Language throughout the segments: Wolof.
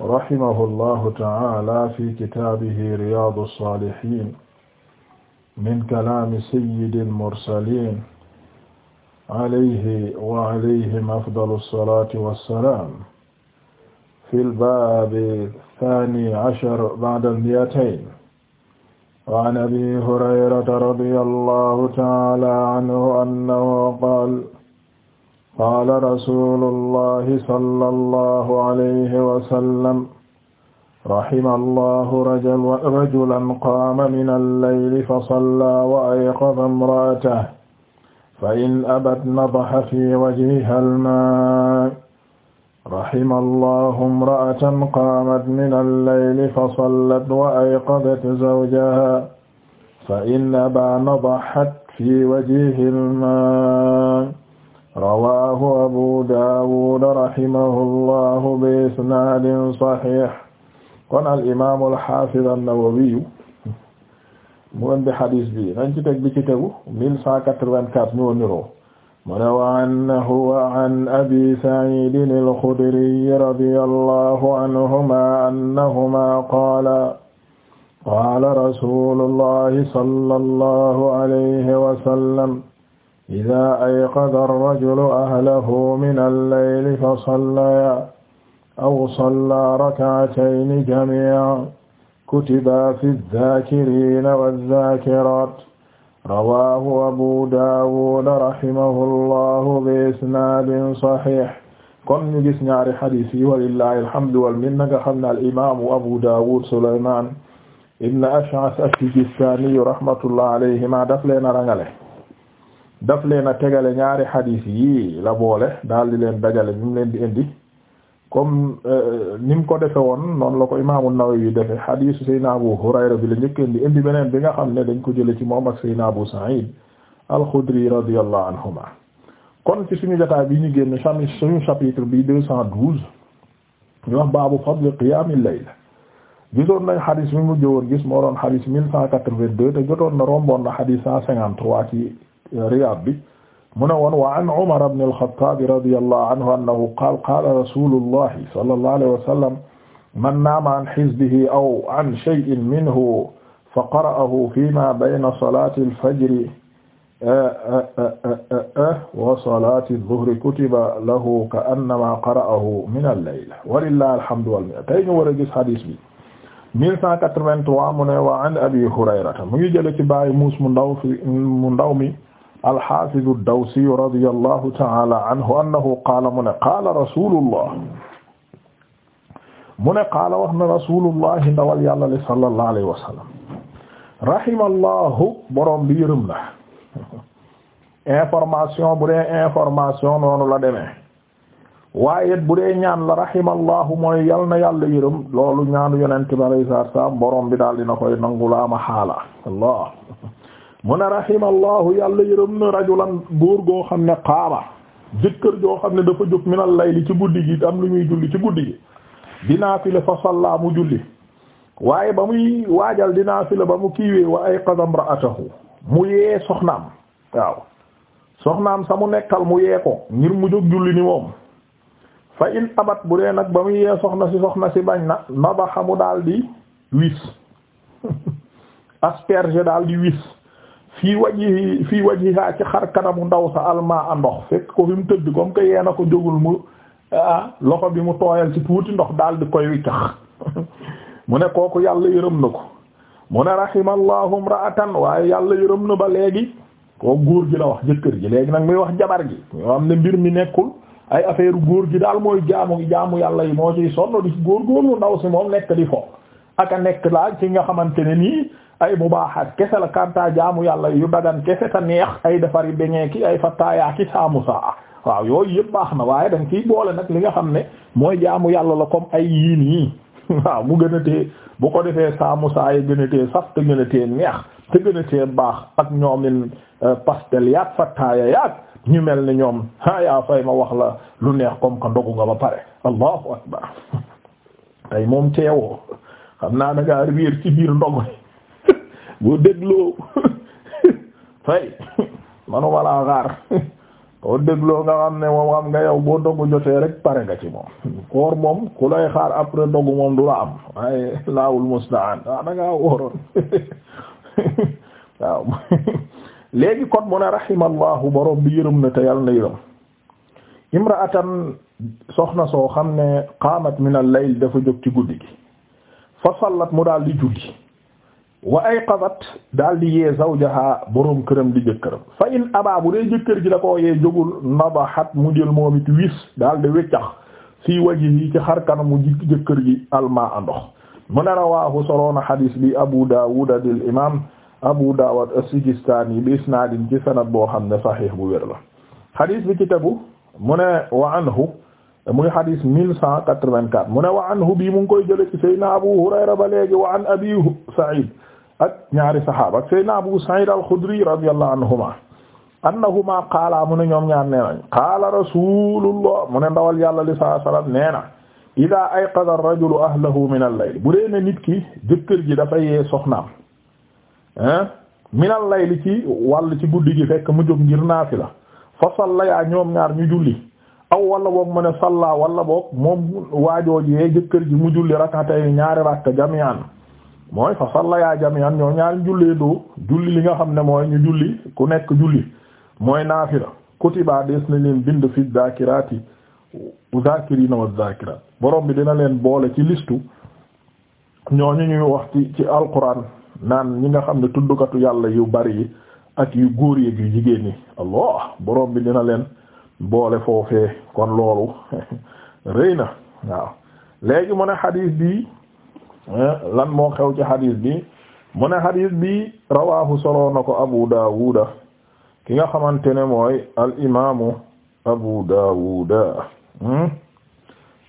rahimahullahu ta'ala fi kitaabihi riyaadu saalihiin min kalaami sayyidil mursaliin alayhi wa alayhim afdalu salaati wa salaam fil baabi saani cashar ba'dal mi'atayn wa an abii hurayrata radiyallahu ta'ala anhu annahu qaala qaala rasuulullahi sallallahu alayhi wa sallam rahima allahu rajulan qaama mina al-layli fa sallaa wa ayqaza imra'atahu fa in abat nadaxa fi wajhiha al-maa' rahima allahu imra'atan qaamat mina al-layli fa sallat wa ayqazat zawjahaa fa in abaa nadaxat fi wajhihi al-maa' rahimahullahu bi isnaadin saxiix kon al imaamul xaafiz an-Nawawi mu indi xadiis bi nañ ci teg bi ci tegu 1184 ñoo niroo mu ne wa annahu wa an abi saciidin al-Xudri radiyallahu anhumaa annahumaa qaala qaala rasuulullahi sallallahu alayhi wa sallam idaa ayqada arrajulu ahlahu min alleyli fa sallaya aw salla rakatayni jamii'an kutiba fi zaakiriina wazzaakiraat rawaahu abu daawud rahimahullahu bi isnaadin saxiix kon ñu gis ñaari xadiis yi walillahi alhamdu wal minna nga xam ne al'imaamu abu daawud sulaymaan ibn ash'as as-sijistaani rahmatullahi alayhimaa daf leen a rangale daf leen a tegale ñaari xadiis yi la boole daal di leen dajale bi mu leen di indi comme euh, ni mu ko defe woon noonu la ko imaamu Nawawi defe xadiisu Seydina Abu Hurayra bi la njëkk indi indi beneen bi nga xam ne dañ ko jële ci moom ak Seydina Abu Sa'id al-Khudri radiyallahu anhuma kon ci suñu jotaay bi ñu génn sami suñu chapitre bi deux cent douze ñu wax baabu fadl qiyaamil layl gisoon nañ xadiis bi mu jëwoon gis moo doon xadiis mille cent quatre-vingt-deux jotoon na romboon na xadiis cent cinquante-trois ci Riyaad bi mu ne woon wa an Umar ibn al-Khattab radiyallahu anhu annahu qaala qaala rasuulullahi sallallahu alayhi wa sallam man naama an hizbihi aw an shay'in minhu fa qara'ahu fiimaa bayna salaati al-fajri eh, eh, eh, wa salaati az-zuhri kutiba lahu ka'annamaa qara'ahu mina al-layl walillahi alhamdu wal minna tey ñu war a gis hadiis bi 1183 mu ne wa an Abi Hurayrata mu ngi jële ci baay muus mu ndaw fi mu ndaw mi alxafidu dawsiyu radi allahu taala anhu annahu qaala mu ne qaala rasulullah mu ne qaala wax na rasulullahi ndawal yàlla li sallallahu alayhi wa sallam rahimallahu borom bi yërëm na information bu dee information noonu la demee waaye bu dee ñaan la rahimallahu mooy yal na yàlla yërëm loolu ñaanu yonente bi alayhi salaatu wa salaam borom bi daal dina koy nangu la ma xaala allah mu ne rahimallahu yàlla yërëm na rajulan góor goo xam ne xaama jëkkër joo xam ne dafa jóg minal layli ci guddi gi am lu ñuy julli ci guddi gi dinaa file fa salla mu julli waaye ba muy waajal dinaa file ba mu kiiwee wa ayqadha imra'atahu mu yee soxnaam waaw soxnaam sa mu nekkal mu yee ko ngir mu jóg julli ni moom fa in abat bu dee nag ba muy yee soxna si soxna si bañ na nabaxa mu daal di wis asperge daal di wis fii wajhi fii wajhiha ci xar mu ndaw sa almaa ndox fekk ko fi mu tëdd comme que yee na ko jógul mu ah loxo bi mu tooyal ci tuuti ndox daal di koy wiccax mu ne kooku yàlla yërëm na ko mu ne rahimallahu imra'atan waaye yàlla yërëm na ba léegi koo góor gi la wax jëkkër gi léegi nag muy wax jabar gi ñoo am ne mbir mi nekkul ay affaire góor gi daal mooy jaamu jaamu yàlla yi moo ciy sonn di góor góorlu ndaw si moom nekk di fo ak a nekk laa ci nga xamante ne nii ay mubaaxaat kese la kanta jaamu yàlla yu dagan kese ta neex ay defari beñee ki ay fattaayaa ki saamu saa waaw yooyu yëpp baax na waaye dañ ciy boole nag li nga xam ne mooy jaamu yàlla la comme ay yii nii waaw mu gën a tee bu ko defee saamu saa yi gën a tee saf te gën a tee neex te gën a tee baax ak ñoomin euh, pastel yaag fattaaya yaag ñu mel ni ñoom ha yaa fay ma wax la lu neex comme que ndogu nga ba pare allahu akbar tey xam naa dangaa réer ci biir ndog bu dégloo fay manu walaa xaar boo dégloo nga xam ne moom xam nga yow boo dogu jotee rek pare nga ci moom koor moom ku lay xaar après dogu moom du la am waaye laawul mustaan waaw dangaa wooroon waaw léegi kon mu ne rahimallahu borom bi yërëm na te yàlla na yërëm imraatan soxna soo xam ne qaamat min al dafa jóg ci guddi gi fa sallat mu daal di julli wa ayqadat daal di yee zawjaha boroom këram di jëkkëram fa in abaa bu dee jëkkër ji la ko yee jógul nadahat mu jël moom it wis daal di weccax fii wajihi ci xar kanam mu jëkkër ji almaa andox mu ne rawaahu soloona xadiis bi abu daawuda dil imaam abu daawud as-sijistaani bi isnaadin ci sanad boo xam ne saxiix bu wér la xadiis bi ci mu ne wa anhu muy hadis mille cent quatre-vingt-quatre mu ne wa anhu bi mu ngi koy jële ci Seydina Abu Hurayra ba léegi Abi Sa'id ak ñaari sahaaba ak Seydina Abu Sa'id al-Khudri radiyallahu anhuma annahuma qaala mu ne ñoom ñaar nee nañ qaala mu ne ndawal yàlla li saa sallam nee na ida ayqada ar al-layl bu dee ne nit ki jëkkër ji dafa yee soxnaam ah min al-layl ci wàll ci guddi gi fekk mu jóg ngir naafila fa salla yaa ñoom ñaar ñu julli aw wala boog mu ne salla wala boog moom yee jëkkër ji mu julli rakatay ñaari rakka jami'an mooy fa salla yaa jami'an ñoo ñaari jullee doo julli li nga xam ne mooy ñu julli ku nekk julli mooy naafila kutiba des na leen bind fi zakirati zakirina wa zakirat boroom bi dina leen boole ci listu ñooñu ñuy wax ci ci alquran naan ñi nga xam ne tuddukatu yàlla yu bari yi ak yu góor yi yu jigéen yi allah borom bi dina leen boole foofee kon loolu rëy na waaw léegi mu ne xadis bi eh, lan moo xew ci xadis bi mu ne xadis bi rawaahu solo na ko Abu Daawuda ki nga xamante ne mooy al imaamu Abu Daawuda hmm?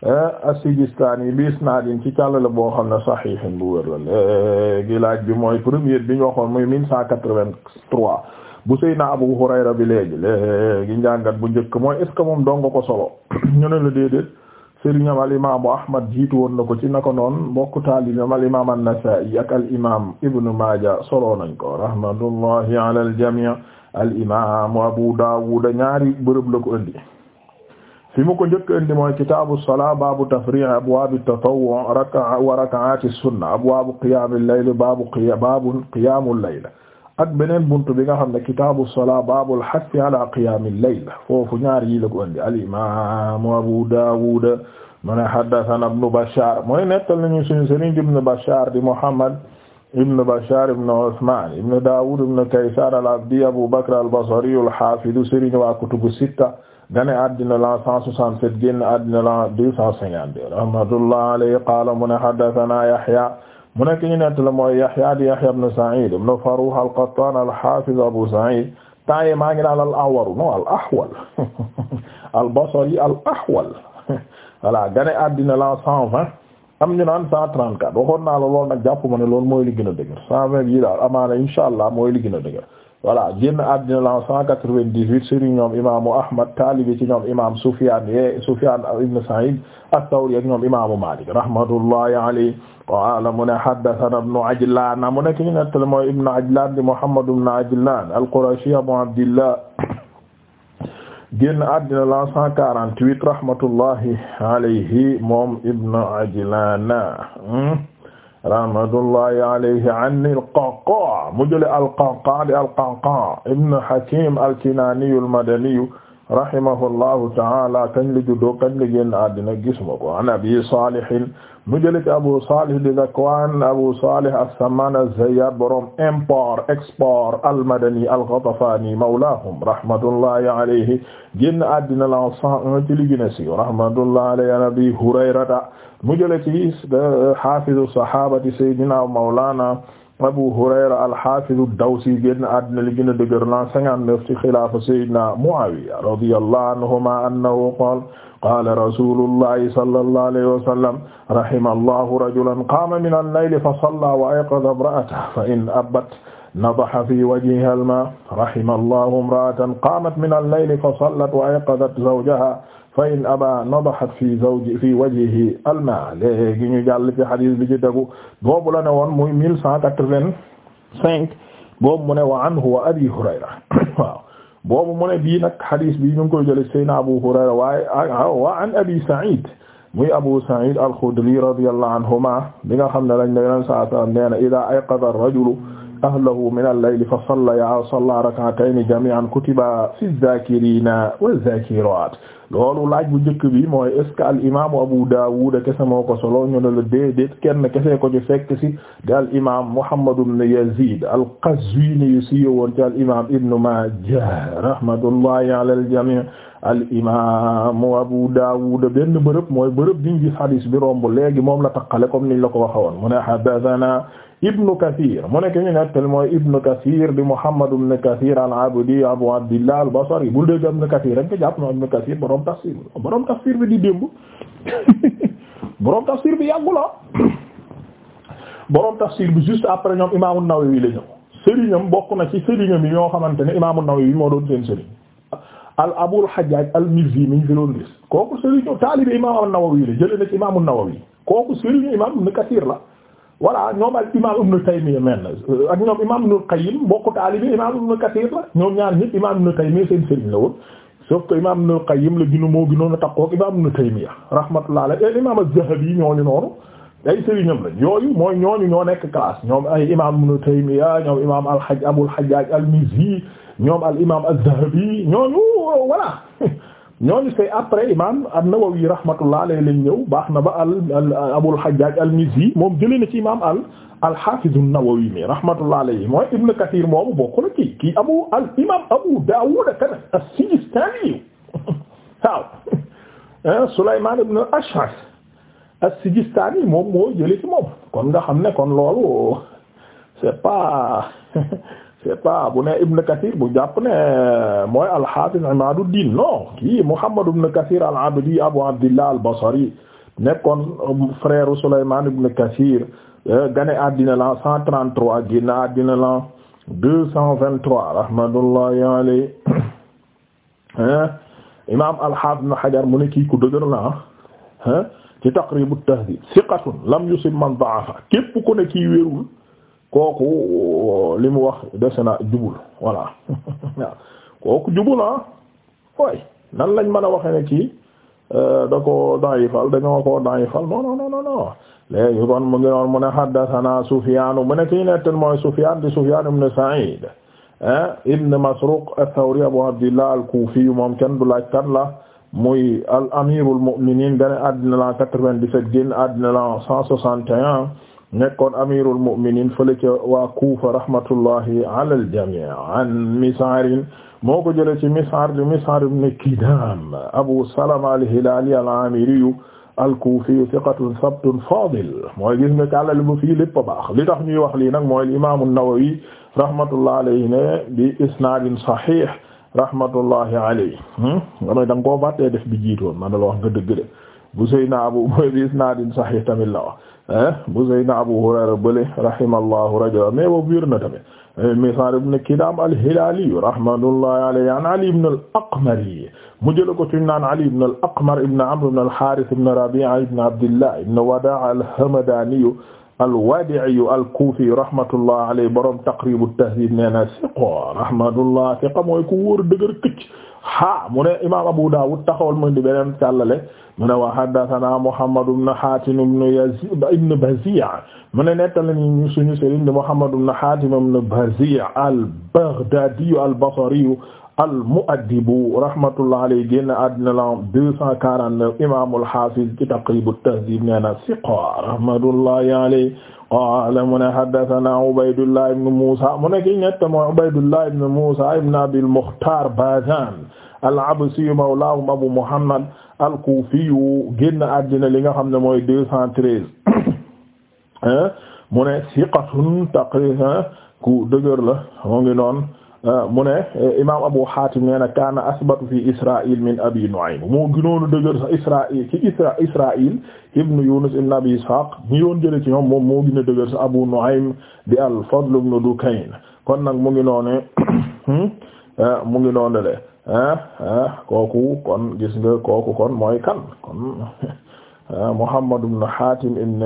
eh, as-Sijistaani bi isnaadin ci càllale boo xam ne saxiixin bu wér la léegi laaj bi mooy première bi ñu waxoon muy mille cent quatre-vingt-trois bu Seydina Abu Hurayra bi léegi léegi njàngat bu njëkk mooy est ce moom dong ko solo ñu ne la déedéet sëriñam al imaamu Ahmad jiitu woon ko ci naka noon mbokk taalibam al imaam an-Nasaa'i ak al imaam Ibn Maaja solo nañ ko rahmatullahi ala al jamii al ko indi fi mu ko njëkk indi mooy kitaabu salaa baabu tafriih abwaabi tatawwu wa rak'aati sunna abwaabu qiyaamil layl baabu qiyaamul layl ak beneen buntu bi nga xam ne kitaabu salaa baabul hassi ala qiyaamil layl foofu ñaar yi la ko andi al imaamu Abu Daawud mu ne haddasanaa ibnu Bashaar mooy nettal nañu suñu sëriñ ibnu Bashaar di Muhammad ibnu Bashaar ibnu Usmaan ibnu Daawud ibnu Kaysaan al-Abdi Abu Bakr al-Basri al-Haafidu sëriñ waa kutubu sitta gane addina la 167 génn addina la 252 rahmatullahi alayhi qaala mu ne haddasanaa Yahyaa mu nekk ñu nett la mooy Yahya maa ngi naan al-Awwar no al-Ahwal al-Basri la cent vingt am ñu naan cent trente quatre waxoon naa la jàpp ma ne loolu mooy li gën a dëgër cent vingt yi daal a dëgër voilà huit sëriñ ñoom imaamu Ahmad taalibi ci ñoom imaam Sufyaan ye ibn Sa'id at-Thawri ak ñoom imaamu Maalik rahmatullahi qaala mu ne haddathana ibnu Ajlaan mu ne ki ñu nettali mooy ibnu Ajlaan di Muhammad ibnu Ajlaan al-Qurashi Abu Abdillah génn àddina la 148 rahmatullahi alayhi moom ibnu Ajlaan rahmatullahi alayhi an al-Qa'qaa' mu jële al-Qa'qaa' di al-Qa'qaa' ibnu Hakiim al-Kinaaniyu al-Madaniyu rahimahullahu ta'aala kañ la juddoo kañ la génn àddina gis ma ko an Abi Saalih mu jëlee ci Abu Salih di Zakwan Abu Salih as-Samman az-Zayyat borom import export al-Madani al-Ghatafani mawlahum rahmatullahi alayhi génn àddina la cent un ci li gën a siiw rahmatullahi alayhi an Abi Hurayrata mu jëlee ci euh, hafizu sahabati sayyidina mawlana Abu Hurayra al-Hafiz ad-Dawsi génn àddina li gën a dëgër lan 59 ci xilaafa Sayyidina Muawiya radiyallahu anhuma annahu qaala qaala rasuulullahi sallallahu alayhi wa sallam rahima allahu rajulan qaama mina al-layli fa salla wa ayqaza imra'atahu fa in abbat nadaha fi wajhiha al-maa' rahima allahu imra'atan qaamat mina al-layli fa sallat wa ayqazat zawjaha fa in aba nadahat fi zawji fi wajhihi alma léegi ñu jàll ci xadis bi ci tegu boobu la ne woon muy mille cent quatre-vingt-cinq boobu mu ne wa anhu wa abi hurayra waaw boobu mu ne bii nag xadis bi ñu ngi koy jële sayna abu hurayra waaye wa an abi sa'id muy abu sa'id al-khudri radiyallahu anhuma bi nga xam ne lañ ne yoneen saa sallam nee na ida ayqada ar-rajulu ahlahu min al-layli fa salla ya salla rak'atayni jami'an kutiba fi adh-dhakirina wadh-dhakirat loolu laaj bu njëkk bi mooy est ce que al imaamu Abu Dawud kese moo ko solo ñu ne la déedéet kenn kese ko ci fekk si di al imaam Muhammad ibn Yazid al Qazwini yu siiwee woon ci al imaam Ibn Majah rahmatullahi ala al jami' al imaamu benn bërëb mooy bërëb bi ñu gis hadis bi romb léegi moom la taqale comme niñ la ko waxee woon mu Ibn Kathir mu nekk ñu nettali mooy Ibn Kathir di Muhammad ibn Kathir al-Abdi Abu Abdillah al bul dégg Ibn Kathir rek nga jàpp na Ibn Kathir borom tafsir bi di démb borom tafsir bi yàggu la borom tafsir bi juste après ñoom Imam nawawi la ñëw sëriñam bokk na ci sëriñam yi ñoo xamante ne Imam an-Nawawi moo doon seen sëriñ al Abul Hajjaj al-Mizzi mi ñu fi doon gis kooku sëriñu taalibe Imam nawawi la jëlee na ci Imam nawawi kooku voilà ñoom al imam ibnu Taymiyya men euh, ak ñoom imam ibnu Qayyim bokku taalibi imam ibnu Kathir la ñoom ñaar ñëpp imam ibnu Taymiyya seen sëriñ la woon sauf que imam ibnu Qayyim la ginu moo ginoon a takkook imam ibnu Taymiyya rahmatullah alayhi et imam az-Zahabi ñooñu noonu ay sëriñam la yooyu mooy ñooñu ñoo nekk classe ñoom ay imam ibnu Taymiyya ñoom imam al-Hajj Abul Hajjaj al-Mizzi ñoom al imam az-Zahabi ñooñu voilà ñooñu c'est après imam an-Nawawi rahmatullah alayhi lañ ñëw baax na ba al Abul Hajjaj al-Mizzi moom jëlee na ci imam al al-Hafiz an-Nawawi mi rahmatullah alayhi mooy Ibn Kathir moomu bokk na ci kii abu al imam Abu Dawud kana as-Sijistani waaw Sulayman ibn al-Ash'ath as-Sijistani moom moo jëlee ci moom kon nga xam ne kon loolu c'est pas c'est pas bu ne Ibn Kathir bu jàpp ne mooy al-Hafiz Imaduddin kii Muhammad ibn Kathir al-Abdi Abu Abdillah al-Basri nekkoon euh, frère Souleymane ibn Kathir euh, gane àddina la 133 génn àddina la 223 rahmatullahi alayhi imam al-Hafiz Hajar mu ne kii ku dëgër la ah ci Taqrib at-Tahdhib thiqatun lam yusib man da'afa képp ku ne kii wérul kooku euh, li mu wax dese na jubul voilà waaw kooku jubul ah way nan lañ mën a waxe ne kii euh, da ko dayifal dañoo ko dayifal non non non non léegi kon mu ngi noon mu ne haddathana Sufyaan mu ne kii nettan mooy Sufyaan di Sufyaan ibn Sa'iid ah, ibn Masruuq ath-Thawri Abu Abdillah al-Kuufi moom kenn du laaj kan la muy al amirul mu'miniin gane àddina la 97 génn àddina la 161 nekkoon amirul mu'minin fële ca waa Kufa rahmatullahi ala al-jami' an Mis'ar moo ko jëlee ci Mis'ar di Mis'ar ibn Kidam Abu Salama al-Hilali al-Amiri al-Kufi thiqatun sabtun fadil mooy gis nga kàllal bu fii lépp a li tax ñuy wax lii nag mooy imaamu Nawawi rahmatullahi alayhi ne bi isnaadin sahih rahmatullahi alayhi damay hmm? da nga koo fàttee def bi jiitoon man la wax nga dëgg de bu Seydina Abu mooy bi isnaadin sahih tamit la bu Seydina Abu Hurayra bële rahimallahu rajula mais boobu wér na tamit eh, Mis'ar ibn Kidaam al-Hilaali rahmatullahi alayhi an Ali ibn al-Aqmari mu jël ko ci naan Ali ibn al-Aqmar ibn Amr ibn al-Haarith ibn Rabi'a ibn Abdillah ibn Wadaa' al-Hamdaani al-Waadi'i al-Kuufi rahmatullahi alayhi borom Taqrib at-Tahdhib nee na siqa rahmatullah siqa mooy ku wóor dëgër këcc ha mu ne imaam Abu Dawud taxawal mu di beneen càllale mu ne wa haddathana Muhammad ibn Hatim ibn Yazid ibn Bazi' mu ne nettali ñu suñu sëriñ di Muhammad ibn Hatim ibn Bazi' al-Baghdadi al-Basri al-mu'addibu rahmatullahi alayhi génn àddina la 249 imaam al-Hafiz ci Taqrib at-Tahdhib nee na siqa rahmatullahi alayhi qaala mu ne haddathana Ubaydullah ibn Musa mu ne ki ñett mooy Ubaydullah ibn Musa ibn Abil Mukhtar Bazan al-Absi mawlaahum Abu Muhammad al-Kufi génn àddina li nga xam ne mooy deux cent eh? mu ne siqatun taqriha eh? ku dëgër la moo ngi noonu eh, mu ne imaam Abu Hatim nee na kaana asbatu fi Israa'il min Abi Nu'aym moo gënoon dëgër sa Israa'il ci Isra Israa'il Yunus ibn Abi Ishaq ñi yoon jële ci ñoom moom moo gën dëgër sa Abu Nu'aym di al-Fadl ibn Dukayn kon nag mu ngi noone hmm? mu ngi noone le Ah, ah, kooku kon gis nga kooku kon mooy kan kon ah, Muhammad ibn Hatim ibn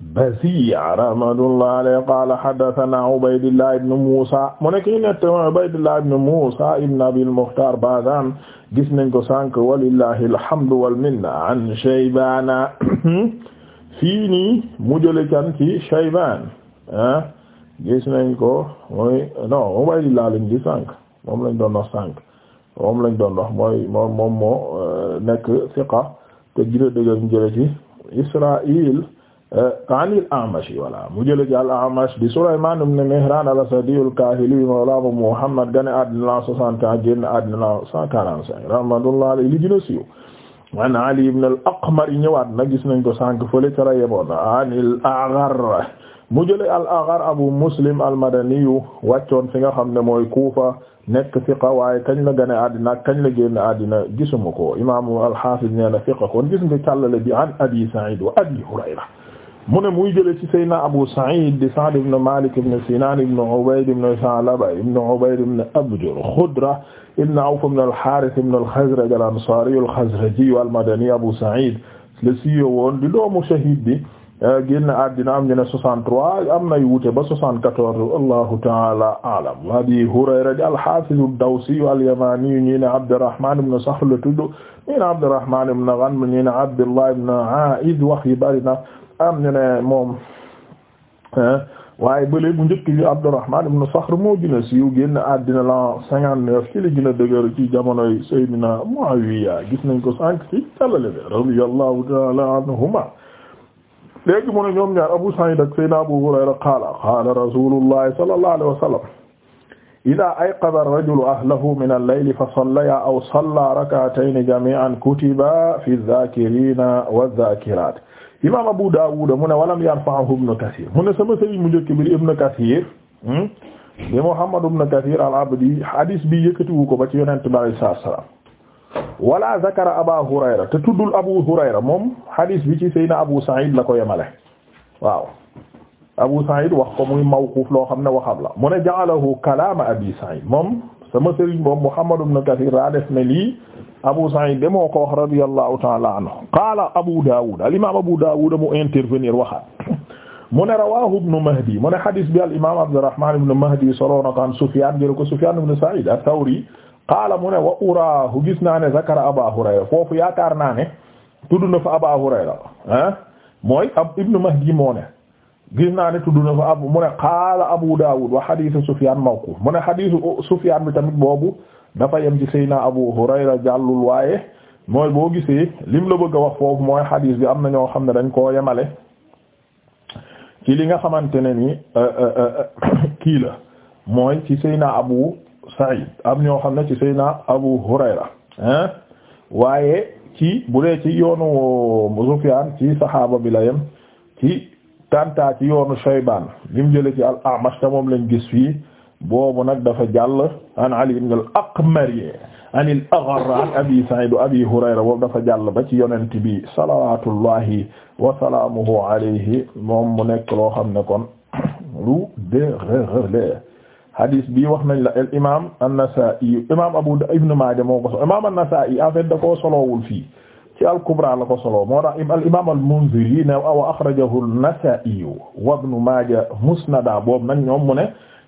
Bazi' rahmatullah alayhi qala hadathana Ubaydullah ibn Musa mu nekk ñu nette Ubaydullah ibn Musa ibn Abil Mukhtar Bazan gis nañ ko sànq walillahi alhamdu wal minna an Shaybana fii nii mu jële kan ci Shayban gis nañ ko mooy non Ubaydullah lañ di sànq moom lañ doon wax sànq moom lañ doon wax mooy moom moom moo euh, nekk siqa te jërë dëgër mu jële ci Israa'il euh, mu jële ci al-A'mash di Sulaymaan ibn Mihraan al-Asadi al Abu Muhammad gane àddina la 61 génn àddina la 145 rahmatullahi alayhi li gën a siiw an Ali ibn al-Aqmar ñëwaat na gis nañ ko sànq fële ca la yeboon anil A'ghar mu jële al Abu Muslim al-Madani fi nga xam ne mooy Kuufa nekk fiqa waaye kañ la gane addina ak kañ la génn addina gisuma ko imaamu al-Hafiz nee na fiqa kon gis nga càllale bi an Abi Sa'id wa Abi Hurayra mu ne muy jële ci Seydina Abu Sa'id di Sa'd ibn Malik ibn Sinan ibn Ubayd ibn Sa'laba ibn Ubayd ibn Abjar Khudra ibn Awf ibn al-Harith ibn al-Khazraj al-Ansari al-Khazraji al shahid bi Euh, génn àddina am ñu ne 63 am na yu wuute ba 74 allahu taala alam wa Abi Hurayra di al-Hafiz ad-Dawsi al-Yamani ñi ne Abdurrahman ibn Sahl la tudd ñi ne Abdurrahman ibn Ghanm ñi ne Abdullah ibn A'id wax yi bari na am ñu ne moom waaye bële bu njëkk bi Abdurrahman ibn Sakhr moo gën a siiw génn àddina la 59 ci li gën a dëgër ci jamonoy Seydina Muawiya gis nañ ko sànq ci tallale bi radiyallahu taala anhuma léegi mu ne ñoom ñaar Abu Sa'id ak Seydina Abu Hurayra qaala qaala rasulullah sallallahu alayhi wa sallam ida ayqada ar-rajulu ahlahu min al-layli fa sallaya aw salla rak'atayni jami'an kutiba fi adh-dhakirina wadh-dhakirat imam Abu Dawud mu ne walam yarfa'hu Ibn Kathir mu ne sama sëriñ mu njëkk bi Ibn Kathir hmm, di Muhammad ibn Kathir al-Abdi hadis bi yëkkatiwu ko ba ci Yonent bi alayhi salaatu wa salaam wala zakara aba hurayra te tuddul abu hurayra moom hadith bi ci sayna abu sa'id la ko yemale waaw abu sa'id wax ko muy mawquf loo xam ne waxam la mu ne ja'alahu kalaama abi sa'id moom sama sëriñ boobu muhammad ibn kathir daa def ne li abu sa'id de moo ko wax radiyallahu ta'ala anhu qaala abu dawud al imam abu dawud mu intervenir waxaat mu ne rawahu ibn mahdi mu ne hadith bi al imam abdurrahman ibn mahdi soloona ko an sufyan jël ko sufyan ibn sa'id qaala mu ne wa uraahu gis naa ne zakara Aba Hurayra foofu yaakaar naa ne tudd na fa Aba Hurayra ah mooy ab Ibn Mahdi moo ne gis naa ne tudd na fa ab mu ne qaala Abu Dawud wa xadiisu Sufyaan mawquuf mu ne xadiisu Sufyaan bi tamit boobu dafa yem ci Seyna Abu Hurayra jàllul waaye mooy boo gisee lim la bëgg a wax foofu mooy xadiis bi am na ñoo xam ne dañ koo yemale ci li nga xamante ne ni eh, eh, eh, kii la mooy ci Seyna Abu. Sa'id am ñoo xam ne ci Seydina Abu Hurayra hein waaye ci bu ci yoonu Sufyaan ci saxaaba bi yem ci tanta ci yoonu Shaybaan lim jële ci al-A'mash te moom lañ gis fii boobu nag dafa jàll an Ali ibn aqmari an al-Agharr Abi Sa'id wa Abi Hurayra boobu dafa jàll ba ci yonent bi salawaatullahi wa salaamuhu alayhi mu nekk loo xam ne kon lu dérégler hadis bi wax nañ la al imam an-Nasa'i imam Abu Ibn Maaja moo ko solo imam an-Nasa'i en fait da koo solowul fii ci al-Kubra la ko solo moo tax al imam al-Munziri ne wa akhrajahu an-Nasa'i wa Ibn Maaja musnada boobu nag ñoom mu ne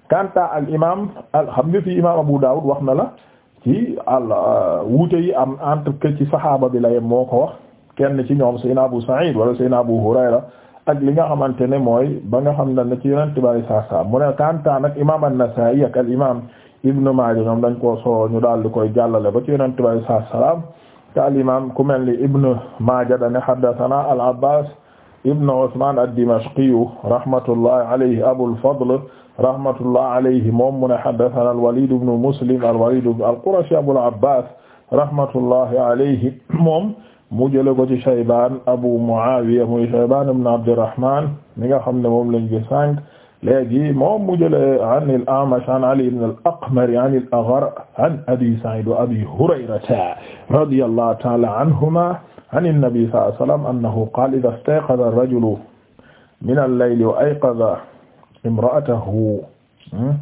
kanta al imam xam nga fii imam Abu Dawud wax na la ci al euh, wuute yi am entre que ci saxaaba bi la yem moo ko wax kenn ci ñoom Seydina Abu Sa'id wala Seydina Abu Hurayra ak li nga xamante ne mooy ba nga xam ne ci yonent bi saa saa mu ne Kantaan ak imaam an-Nasaa'i ak al imaam Ibn Maaja ñoom dañ koo soo ñu daal di koy jàllale ba ci yonent bi saa salaam te al imaam ku mel ni Ibn Maaja dañ ne haddasanaa al-Abbaas Ibn Usmaan ad-Dimashqi rahmatullahi alayhi Abul Fadl rahmatullahi alayhi moom mu ne haddasanaa al-Waliid ibn Muslim al-Waliid al-Qurashi Abul Abbaas rahmatullahi alayhi moom. mu jële ko ci Shaybaan Abu Muawiya muy Shaybaan ibn Abdirrahmaan mi nga xam ne moom lañ gi sànq léegi moom mu jële an al-A'mash an Ali ibn al-Aqmar an al-Agharr an Abi Sa'iid wa Abi Hurayrata radiyallahu ta'ala anhuma an an-nabi sallallahu alayhi wa sallam annahu qaala idha istayqadha ar-rajulu min al-layli wa ayqadha imra'atahu hmm,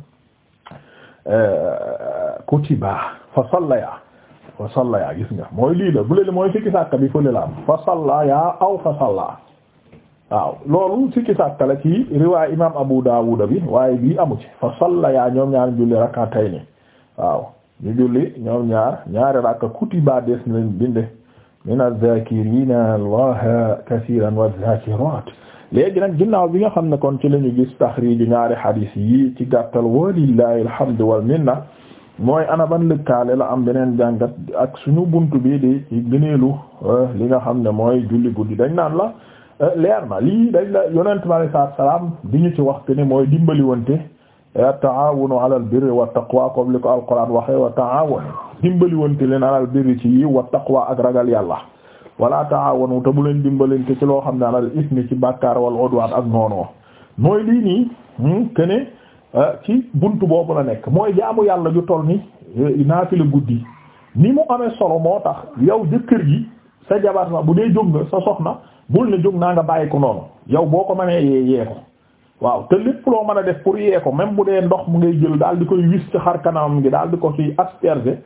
eh, kutiba fa sallaya fa salla yaa gis nga mooy lii la bu lee mooy sikki sàkka bi fële la am fa salla yaa aw fa salla waaw loolu sikki sàkka la ci riwaay imam Abu Daawuda bi waaye bii amu ci fa salla yaa ñoom ñaar julli rak'atayni waaw ñu julli ñoom ñaar ñaari rakka kutiba des na leen binde min az-zaakiriina Allaha kasiiran waz-zaakiraat léegi nag ginnaaw bi nga xam ne kon ci lañu gis taxriij ñaari xadiis yi ci gàttal walillahi alhamdu wal minna mooy ana ban lëkkaale la am beneen jàngat ak suñu bunt bii di ci gëneelu euh, li nga xam ne mooy julli guddi dañ naan la euh, leer na lii dañ la yonent bi alayhi salaatu salaam di ñu ci wax ne mooy dimbaliwante euh, taawunu alal birri wa taqwa comme li ko alquran waxee wa taawun dimbaliwante leen alal birri ci yiw wa taqwa ak ragal yàlla wala taawunu te bu leen dimbalante ci loo xam ne alal ismi ci bàkkaar wal udwaan ak noonoo mooy lii nii kene hmm, Euh, ci bunt boobu la nekk mooy jaamu yàlla ju toll ni euh, naafila guddi ni mu amee solo moo tax yow jëkkër gi sa jabar sa bu dee jóg nga sa soxna bul ne jóg naa nga bàyyi ko noonu yow boo ko manee yee yee ko waaw te lépp loo mën a def pour yee ko même bu dee ndox mu ngay jël daal di koy wis ci xar kanamam gi daal di ko ciy asperger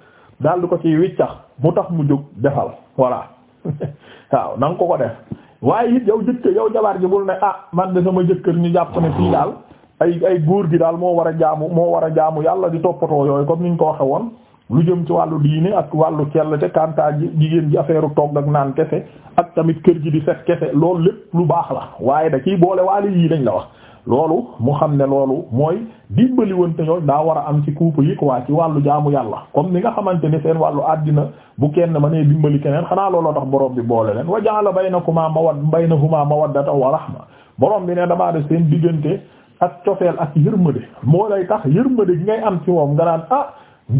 daal di ko ciy wiccax mu tax mu jóg defal voilà waaw na ko ko def waaye it yow jëkkër yow jabar ji bul ne ah man de sama jëkkër ñu jàpp ne fii daal. ay ay góor gi daal moo war a jaamu moo war a jaamu yàlla di toppatoo yooyu comme niñ ko waxe woon lu jëm ci wàllu diine ak wàllu kell te kantaa jigéen ji affaire togg ak naan kese ak tamit kër gi di set kese loolu lépp lu baax la waaye da ciy boole waale yii lañ la wax loolu mu xam ne loolu mooy dimbali wante ñoom daa war a am ci couple yi waa ci wàllu jaamu yàlla comme ni nga xamante ni seen wàllu àddina bu kenn ma ne dimbali keneen xanaa looloo tax borom bi boole leen wa ja'ala baynakuma mawad baynahuma mawaddata wa rahma borom bi ne damaa def seen diggante ak cofeel ak yërmande moo lay tax yërmande gi ngay am ci moom nga naan ah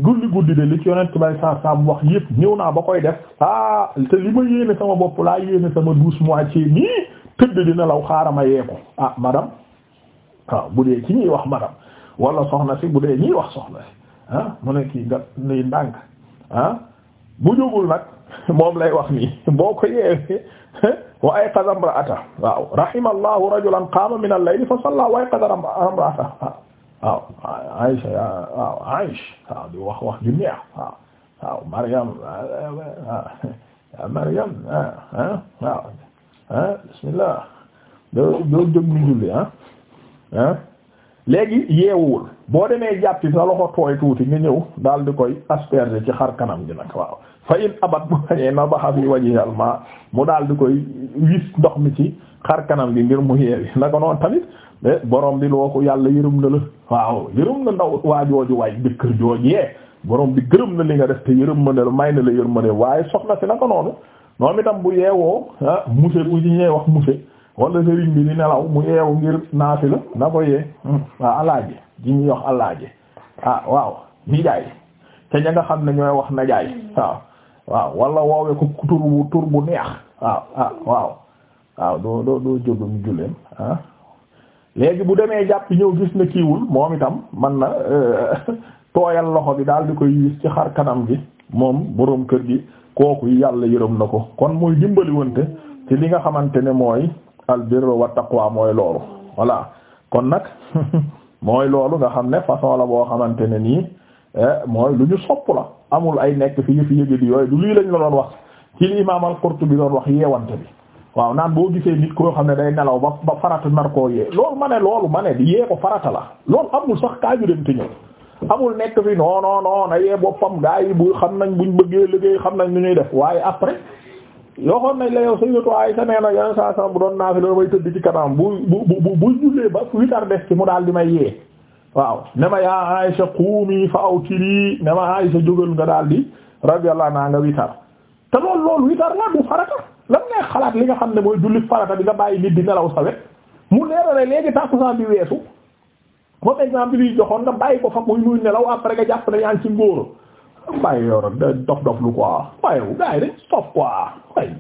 guddi guddi de li ci yonent bay sa sam wax yëpp ñëw naa ba koy def ah te li ma yéene sama bopp laa yéene sama douze mois ci nii tëdd dina law xaarama yee ko ah madame waaw bu dee ci ñuy wax madame wala soxna si bu dee ñuy wax soxna si ah mu ne kii nga nuy ndànk ah bu jógul nag moom lay wax nii boo ko yeewee wa ayqadha imra'atahu waaw rahima allahu rajulan qaama min al-layli fa salla wa ayqadha imra'atahu waaw Aïcha waaw Aïcha waaw di wax wax ju neex waaw waaw Maryam Maryam waaw ah, ah, ah, bismillah doo doo jóg ni julli ah léegi yeewuwul boo demee jàpp jàppi sa loxo tooy tuuti nga ñëw daal di koy asperger ci xar kanam gi nag waaw fa in abat bu bañee na baxa fi wajihal ma mu daal di koy wis ndox mi ci xar kanam gi ngir mu yeewi naka noonu tamit eh, borom bi loo ko yàlla yërëm na la waaw yërëm na ndaw waa jooju waay jëkkër joojee borom bi gërëm na li nga def te yërëm ma ne la may na la yërëm ma ne waaye soxna si naka noonu moom itam bu yeewoo ah monsieur bu ci ñee wax monsieur wala sëriñ bi di nelaw mu yeewu ngir naafila na ko yee hmm. waaw alaaji ji ñuy wax alaaji ah waaw ni jaay te nga xam ne ñooy wax na jaay waaw waaw ko tur bu tur bu neex waaw ah waaw waaw doo doo doo jógum julleem ah. léegi bu demee jàpp ñëw gis na kiiwul moom itam man na euh, tooyal loxo bi daal di koy ci xar kanam gi moom boroom kër gi kooku yàlla yërëm na ko kon muy dimbali ci li nga xamante ne mooy al birru wa taqwa mooy loolu voilà kon nag mooy loolu nga xam ne façon la boo xamante ne nii eh, mooy lu ñu sopp la amul ay nekk fi yëfi yëgadi yooyu du lii lañ la doon wax ci li imaam al-Qurtubi doon wax yeewante bi waaw naan boo gisee nit koo xam ne day nelaw ba ba farata nar koo yee loolu ma ne loolu ma ne di yee ko farata la loolu amul sax kaaju dem te ñëw amul nekk fi non a non na yee boppam gaa yi bu xam nañ buñ bëggee liggéey xam nañ yoxoon nañ la yow Sayyidatu Aysa nee na yeneen saa saa bu doon naafi la may tëdd ci kanam bu bu bu bu jullee ba witar des ci mu daal di may yee waaw ne ma yaa Aysa quumi fa awtiri ne ma Aysa jógal nga daal di radiyallahu anha nga witar te loolu lool witar la du farata lan ngay xalaat li nga xam ne mooy julli farata bi nga bàyyi nit di nelaw sa wet mu leerale léegi tàkkusaan bi weesu comme exemple bi joxoon nga bàyyi ko fa muy muy nelaw après nga jàpp ne yaa ngi ci ngóoro bàyyi yoroon da dof dof lu quoi waaye wu gars yi dañ stop quoi waaye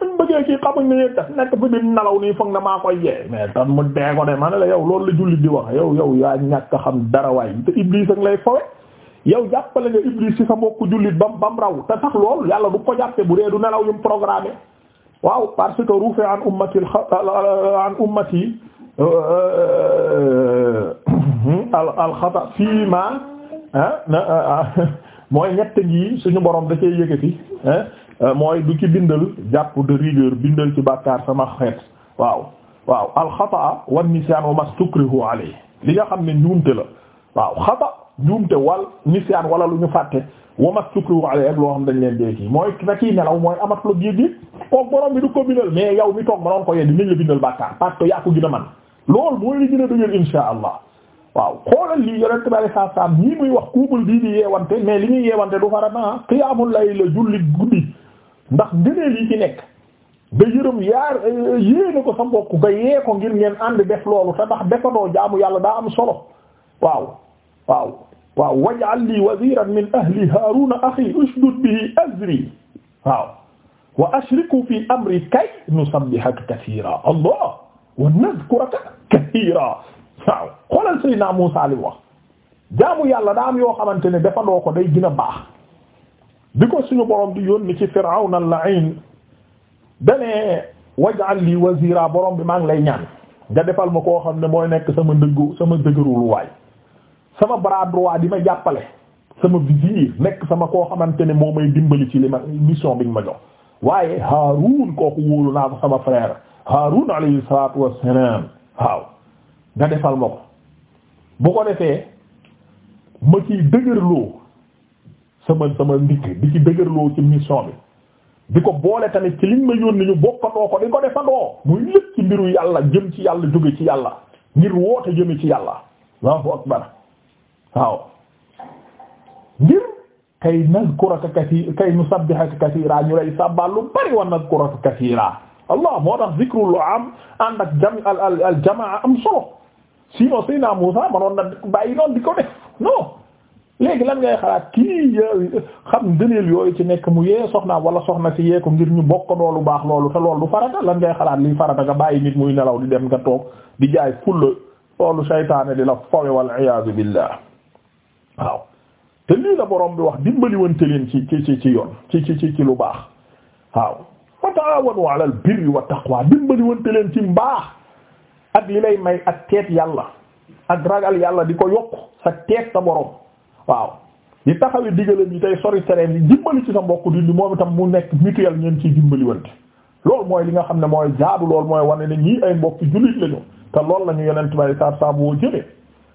buñ bëggee kii xamuñ ne yëg daf nekk fi di nalaw nii foog na maa koy yee mais tan mu dee ko de ma la yow loolu la jullit di wax yow yow yaa ñàkk a xam dara waay te Iblis ak lay fawe yow jàppale nga Iblis ci sa mbokku jullit bam bam raw te sax loolu yàlla du ko jàppe bu dee du nelaw yum programmé waaw parce que rufe an ummati an ummati euh, euh, euh, hmm, al al xata fii ma mooy ñett ngi suñu borom da cee yëkkati euh, mooy du ci bindal jàpp de rigueur bindal ci bàkkaar sama xeet waaw waaw alxataa wan nisyaan wa mastukrihu alayhi li nga xam ne njuumte la waaw xata njuumte wal nisyaan wala lu ñu fàtte wa mastukrihu alayhi ak loo xam dañ leen déeki mooy na kiy nelaw mooy amat la géej gi koog borom bi du ko bindal mais yow mi toog ma doon ko yee di nañ la bindal bàkkaar parce que yaa ko man lool mooy li gën a dëgër waaw xoolal lii yonent bari saa saa ñii muy wax kuubal bii di yeewante mais li ñuy yeewante du farata ah qiyaamul lay la julli guddi ndax ngëneel yi ci nekk nga yërëm yaar euh, yéene ko sa mbokk nga yee ko ngir ngeen ànd def loolu te ndax defandoo jaamu yàlla daa am solo waaw waaw waaw waj'al lii waziran min ahli haaruna axi ushdud bihi azri waaw wa ashriku fi amri kay nusabbihaka kasiira allah wa nadhkuraka kasiira waaw xoolal Seydina Muusaa li wax jaamu yàlla daa am yoo xamante ne defandoo ko day gën a baax di ko suñu borom di yónni ci Firawna al-la'iin dane waj'al li wazira borom bi maa ngi lay ñaan nga defal ma koo xam ne mooy nekk sama ndëggu sama dëgërul waay sama bras droit di ma jàppale sama vizir nekk sama koo xamante ne moo may dimbali ci li ma mission bi ma jox waaye Haarun kooku wóolu naa ko sama frère Haarun alayhi salaatu wassalaam waaw nga defal ma ko bu ko defee ma ciy dëgërloo sama sama ndigg di ci dëgërloo ci mission bi di ko boole tamit ci liñ ma yónni ñu bokkandoo ko di ko defandoo muy lépp ci mbiru yàlla jëm ci yàlla jóge ci yàlla ngir woote jëme ci yàlla Allahu akbar waaw ngir kay nazkuraka kathira kay nusabbihaka kathira ñu lay sabbal lu bari wa nazkuraka kathira allah moo tax zikrul am ànd ak jam al al jamaa am solo sinon Seydina Muusa manoon na bàyyi noonu di ko def non léegi lan ngay xalaat kii xam ndëleel yooyu ci nekk mu yee soxnaam wala soxna si yee ko ngir ñu bokk loolu baax loolu te loolu du farata lan ngay xalaat liy farata nga bàyyi nit muy nelaw di dem nga toog di jaay fulla loolu saytaane di la fowe wal iyaazu billah waaw te lii la borom bi wax dimbali wante leen ci ci ci ci yoon ci ci ci ci lu baax waaw wa ta'awanu ala al birri wa taqwa dimbali wante leen ci mbaax ak li lay may ak teet yàlla ak ragal yàlla di ko yokk sa teet sa borom waaw di taxawi diggaleen yi tey sori terrain yi dimbali ci sa mbokk di moom itam mu nekk mutuel ñeen ciy dimbaliwante loolu mooy li nga xam ne mooy jaadu loolu mooy wane ñii ay mbokk jullit lañu te loolu la ñu yeneen tubaab yi saab saab woo jëlee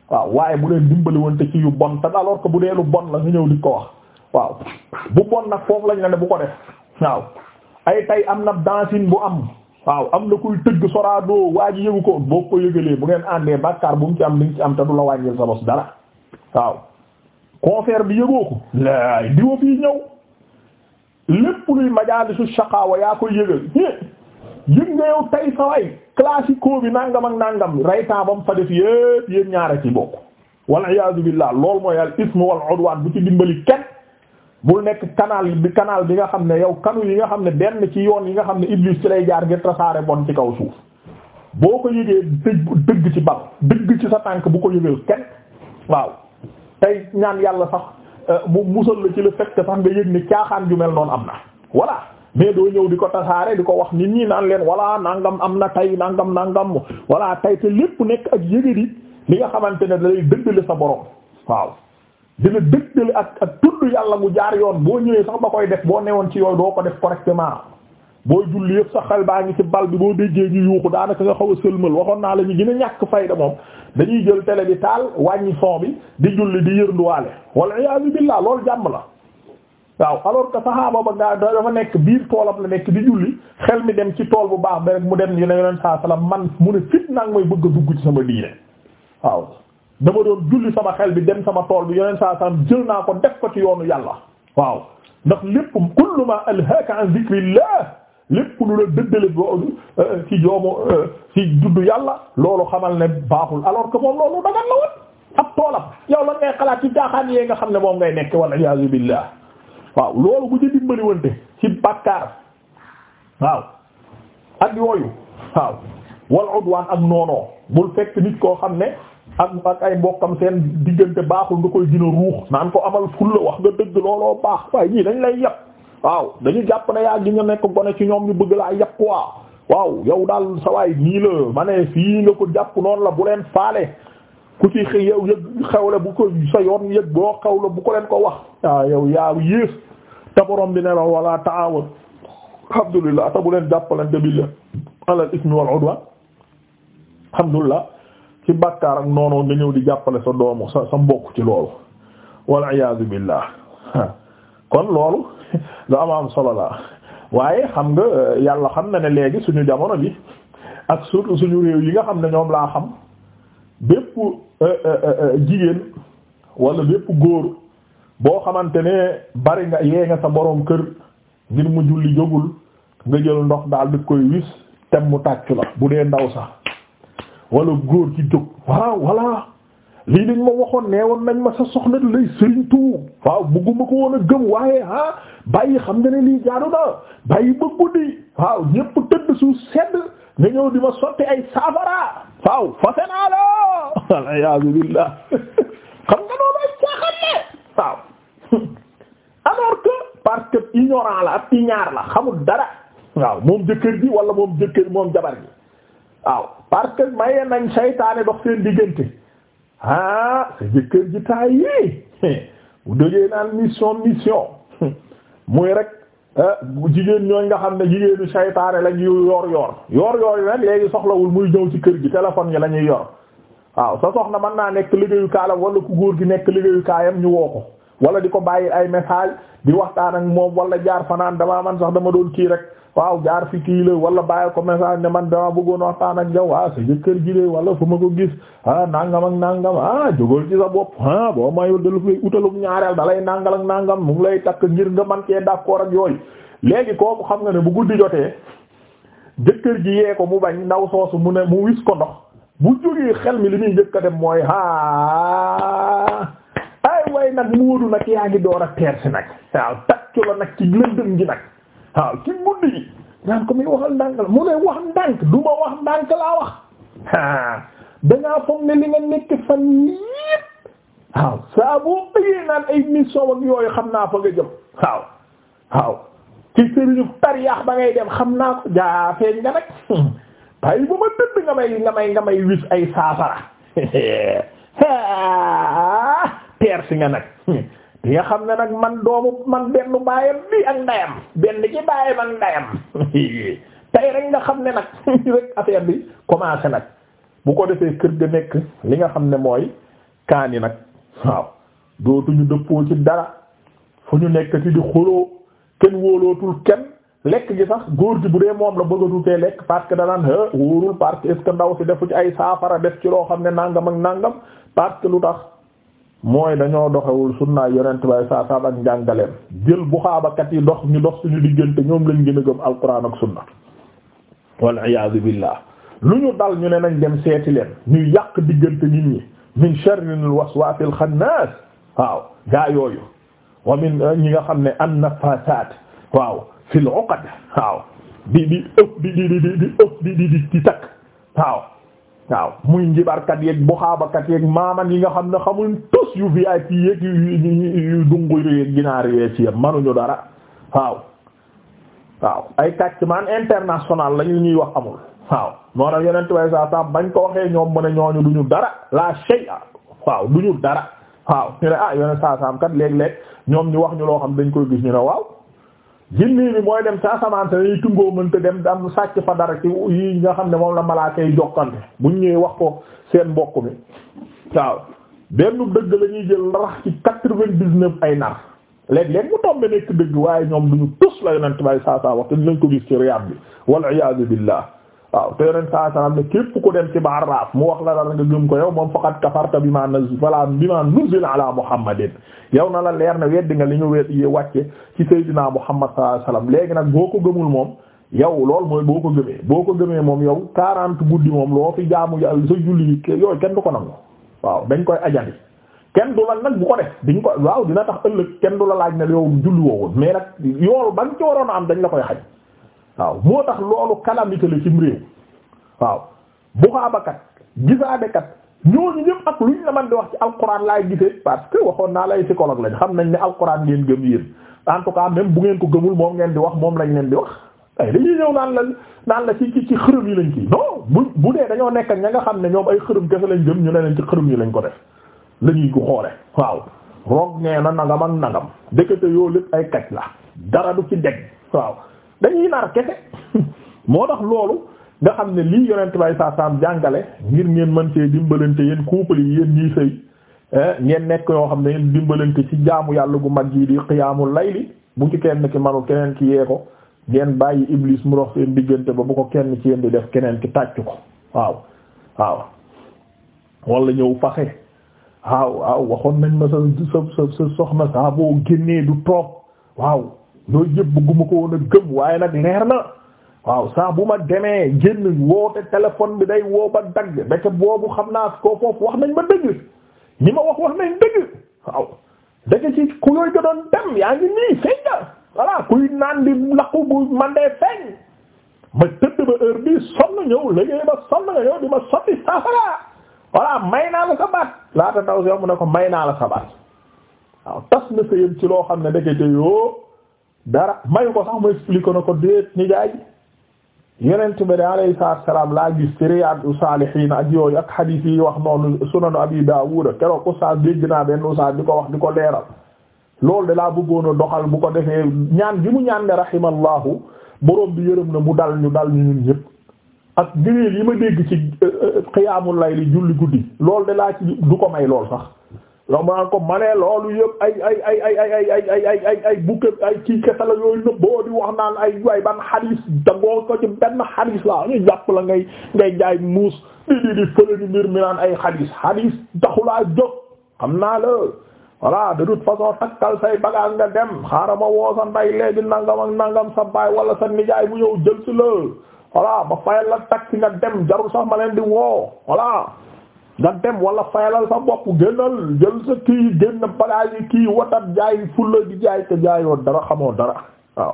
waaw waaye bu leen dimbaliwante ci yu bon te alors ko bu dee lu bon la nga ñëw di ko wax waaw bu bon nag foofu lañ la ne bu ko def waaw ay tay am na dancine bu am. waaw am na kuy tëgg soraadoo waa ji yëgu ko boo ko yëgalee bu ngeen àndee bàkkaar bu mu ci am ni ci am te du la wàññil sa bos dara waaw confère bi yëgoo ko laay diwa fii ñëw lépp luy majaalisu shaqaawa yaa koy yëgal yëg nga yow tay saway classico bi nangam ak nangam raytan ba mu fa def yépp yéen ñaara ci bokk wal iyaadu billah lool mooy al ism wal udwaan bu ci dimbali kenn bul nekk canal bi canal bi nga xam ne yow kanu yi nga xam ne benn ci yoon yi nga xam ne Iblis ci lay jaar ngir tasaare bon ci kaw suuf boo ko yëgee dëgg ci bal dëgg ci sa tànk bu ko yëgal kenn waaw tey ñaan yàlla sax euh, mu musal la ci le fait que sax nga yëg ne caaxaan ju mel noonu am na voilà mais doo ñëw di ko tasaare di ko wax nit ñi naan leen voilà nangam am na tey nangam nangam voilà tey te lépp nekk ak yëgëri li nga xamante ne da lay dëddale sa borom waaw dina dëgtale ak ak tudd yàlla mu jaar yoon boo ñëwee sax ma koy def boo newoon ci yooyu doo ko def correctement boo julli yëpp sa xel baa ngi ci bal bi boo déggee ñu yuuxu daanaka nga xaw a sëlmal waxoon naa la ñu gën a ñàkk fayda moom dañuy jël télé bi taal wàññi son bi di julli di yërnduwaale wala iyaazu billaah loolu jàmm la waaw alors que saxaaba ba ngaa dafa nekk biir toolam la nekk di julli xel mi dem ci tool bu baax ba rek mu dem ñu ne yoneen saa salaam man mu ne fit nag mooy bëgg a waaw dama doon julli sama xel bi dem sama tool bi yeneen saa saam jël naa ko def ko ci yoonu yàlla waaw ndax lépp kullu ma alhaaka an dhikrillah lépp lu la dëddale boobu euh, ci joomu euh, ci juddu yàlla loolu xamal ne baaxul alors que moom loolu dagan la woon ab toolam yow lan ngay xalaat ci jaaxaan yee nga xam ne moom ngay nekk wala iyaazu billah waaw loolu bu jëndi mbëri wante ci bàkkaar waaw ak yooyu waaw wal udwaan ak noonoo bul fekk nit koo xam ne ak ak ay mbokkam seen diggante baaxul nga koy gën a ruux naan ko amal fulla wax nga dëgg looloo baax waaye ñii dañ lay yàpp waaw dañu jàpp na yaa gi nga nekk gone ci ñoom ñu bëgg laa yàpp waa waaw yow daal sawaay nii la ma ne fii nga ko jàpp noonu la bu leen faale ku ci yow xew xewle bu ko sa yoon yëg boo la bu ko leen ko wax waaw yow yaa yées te borom bi ne la wala ta'awun alhamdulillah te bu leen jàppalante bi la alal ismi wal alhamdulillah ci bàkkaar ak noonu nga ñëw di jàppale sa doomu sa sa mbokk ci loolu wal iyaazu billah kon loolu lu am am solo la waaye xam nga eh, yàlla xam na ne léegi suñu jamono bi ak surtout suñu réew yi nga xam ne ñoom laa xam bépp eh, eh, jigéen wala bépp góor boo xamante ne bari nga yee nga sa boroom kër ngir mu julli jógul nga jël ndox daal di koy wis tem mu tàccu la bu dee ndaw sax wala góor ci jóg waaw voilà lii dañ ma waxoon nee woon nañ ma sa soxna lay sëriñ tu waaw bëgguma ko woon a gëm waaye ah, bàyyi xam nga ne lii jaadu na bàyyi ba guddi waaw ñépp tëdd su sedd nga ñëw di ma sotti ay saafara waaw fase naa la xam nga noonu ay caaxaan waaw alors que parce que ignorant la ñaar la xamul dara waaw moom jëkkër ji wala moom jëkkër moom jabar ji waaw parce que maye nañ saytaane dox seen diggante ah sa jëkkër ji taay yi bu dëggee naan mission mission muy rek ah, jigéen ñooñ nga xam ne jigéenu saytaane la ñuy yor yor yor yor yi nag léegi soxlawul muy ñëw ci kër gi téléphone yi la ñuy yor waaw sa soxna mën naa nekk liggéeyu kaalam wala ku góor gi nekk liggéeyu kaayam ñu woo ko wala di ko bàyyi ay message di waxtaan ak moom wala jaar fanaan damaa man sax dama doon kii rek waaw jaar fi kii la wala bàyyi ko message ne man dama bëggoon waxtaan ak yow ah sa jëkkër ji de wala fu ma ko gis ah nangam ak nangam ah jógal ci sa bopp ah boo mayul de ñaareel da lay nangal ak nangam mu lay takk ngir nga man kee d'accord ak yooyu. léegi kooku xam nga ne bu guddi jotee jëkkër ji yee ko mu bañ ndaw soosu mu ne mu wis ko ndox bu jógee xel mi li muy njëkk a dem mooy ah ay way nag mu wóoru nag yaa ngi door a teer nag waaw waaw ci guddi gi ñaan ko muy waxal ndànk la mu ne wax ndànk du wax ndànk laa wax ah, dangaa foog ne li nga nekk fan yépp waaw saa boo bëggee naan ay mission ak yooyu xam naa fa nga jëm waaw waaw ci sëriñu tariyaax ba ngay dem xam naa ko jaa feeñ nga nag bàyyi ba ma dëdd nga may nga may nga may wis ay saafara teer ah, si nga nag li nga xam ne nag man doomu man benn baayam bi ak ndayam benn ci baayam ak ndayam tey rek nga xam ne nag rek affaire bi commencé nag bu ko defee kër ga nekk li nga xam ne mooy kaani nag waaw dootuñu dëppoo ci dara fu ñu nekk ci di xoloo kenn wóolootul kenn lekk gi sax góor gi bu dee moom la bëggatu tee lekk parce que danaan wóorul parce que est-ce que ndaw si defu ci ay saafara def ci loo xam ne nangam ak nangam parce lu tax mooy dañoo doxewul sunna yonent bay saa saab ak njàngaleem jël bu xaabakat yi dox ñu dox suñu diggante ñoom lañu gën a gëm alquran ak sunna wal iyaazu billah lu ñu dal ñu ne nañ dem seeti leen ñu yàq diggante nit ñi min sharril waswaasil xannaas waaw gaa yooyu wa min ñi nga xam ne an nafasaat waaw fil uqad waaw di di ëpp di di di di ëpp di di di takk waaw muy njibarkat bu buxaabakat yeeg maaman yi nga xam ne xamuñ tos yu VIP yeeg yu dungu yeeg ginaar yeeg ci yëpp manuñu dara waaw waaw ay kàcc man international lañu ñuy wax xamul waaw moo tax yeneen tubaab saa saa bañ ko waxee ñoom mu ne ñooñu duñu dara la shay'a waaw duñu dara waaw ñu ne ah yeneen saa saam kat léeg-léeg ñoom ñu wax ñu loo xam dañ koy gis ñu ne waaw. jinni bi mooy dem ci asamaan sa dañuy tungoo mënta dem dam sàcc fa dara ci yi xam ne moom la malaaka yi jokkante buñ ñëwee wax ko seen mbokk mi waaw benn dëgg la ñuy jël rax ci quatre vingt dix ay nar léeg-léeg mu tombe nekk dëgg waaye ñoom duñu tus la yonent bay saa saa wax te dinañ ko gis ci riyaab bi wal iyaadu billah waaw te yoneen saa salaam ne képp ku dem ci barraaf mu wax la dara nga gëm ko yow moom faqat kafarta bi ma naz fala bi ma nuzila ala muhammadin yow na la leer na weddi nga li ñu we yi wàcce ci sayyidina muhammad sallallahu alayhi wasallam léegi nag boo ko gëmul moom yow loolu mooy boo ko gëmee boo ko gëmee moom yow quarante guddi moom loo fi jaamu sa julli yooyu kenn du ko nangu waaw dañ koy ajandi kenn du la nag bu ko def diñ ko waaw dina tax ëllëg kenn du la laaj ne yow julli woo woon mais nag yool ban ci waroon a dañ la koy xaj waaw moo tax loolu calamité la cim réew waaw buxaabakat kat ñooñu ñëpp ak luñ la man di wax ci alquran laay gisee parce que waxoon naa la lay psychologue lañ xam nañ ne alquran ngeen gëm yéen en tout cas bu ngeen ko gëmul moom ngeen di wax moom lañ leen di wax ay dañuy ñëw naan la naan la ci ci ci xërëm yi lañ kii non bu bu dee dañoo nekk ña nga xam ne ñoom ay xërëm kese lañ gëm ñu ne leen ci xërëm yi lañ ko def la ñuy ko xoole waaw roog nee na nangam ak nangam dëkkate yoo lépp ay kaj la dara du ci deg waaw dañuy nar kese moo tax loolu nga xam ne lii yonent bay saa saam jàngale ngir ngeen mën cee dimbalante yéen couple yi yéen ñii eh, ngeen nekk yoo xam ne ngeen dimbalante ci jaamu yàlla gu mag yi di xiyaamul layli bu ci kenn ki manul keneen ki yee ko ngeen bàyyi iblis mu dox seen diggante ba bu ko kenn ci yéen di def keneen ki tàcc ko waaw waaw wala ñëw faxe waaw waaw waxoon nañ ma sa sa soxna saa boo génnee du toog waaw loolu yëpp bëgguma ko woon gëm waaye nag leer na waaw saa bu ma demee génn woote téléphone bi day woo ba dagg ndeke boobu xam naa ko foofu wax nañ ba dëgg ñi ma wax wax nañ dëgg waaw ndeke ci ku yooyu doon dem yaa ngi nii feeñ na voilà kuy naan di laqu bu man dee feeñ ma tëdd ba heure bi sonn ñëw léegi ba sonn nga ñëw di ma sotti saafara voilà may naa la sa baat laata taw si mu ne ko may naa la sa baat waaw tas na sa ci loo xam ne ndekete yoo dara mayu ko sax mu expliqué na ko déet ni jaay yonent bi de alayhi salaam laa gis ci Riyaadu Saalihiin ak yooyu ak hadith yi wax noonu Sunan Abi Daawuud keroog oustaz dégg naa benn oustaz di ko wax di ko leeral loolu de laa bëggoon a doxal bu ko defee ñaan bi mu ñaan ne rahimallahu borom bi yërëm na mu dal ñu dal ñu ñun ñëpp ak ngëneel yi ma dégg ci euh, euh, qiyaamul layli julli guddi loolu de laa ci du ko may lool sax. loolu maa ko malee loolu yëpp ay ay ay ay ay ay ay ay ay ay ay bukke ay di wax naan ay ay ban xadis dangoo ko ci benn xadis la ñu la ngay ngay jaay muus di di di fële di mi naan ay xadis xadis taxulaa jóg xam naa la voilà de toute façon takkal say bagage nga dem xaaral ma woo sa nday léegi nangam ak nangam sa wala sa nijaay bu ñëw jël si la voilà ba fayal la taksi nga dem jarul sax ma leen di woo voilà. nga dem walla fayalal sa bopp génnal jël sa kii génn bagage yi kii watat jaay fulla di jaay te jaayoo dara xamoo dara waaw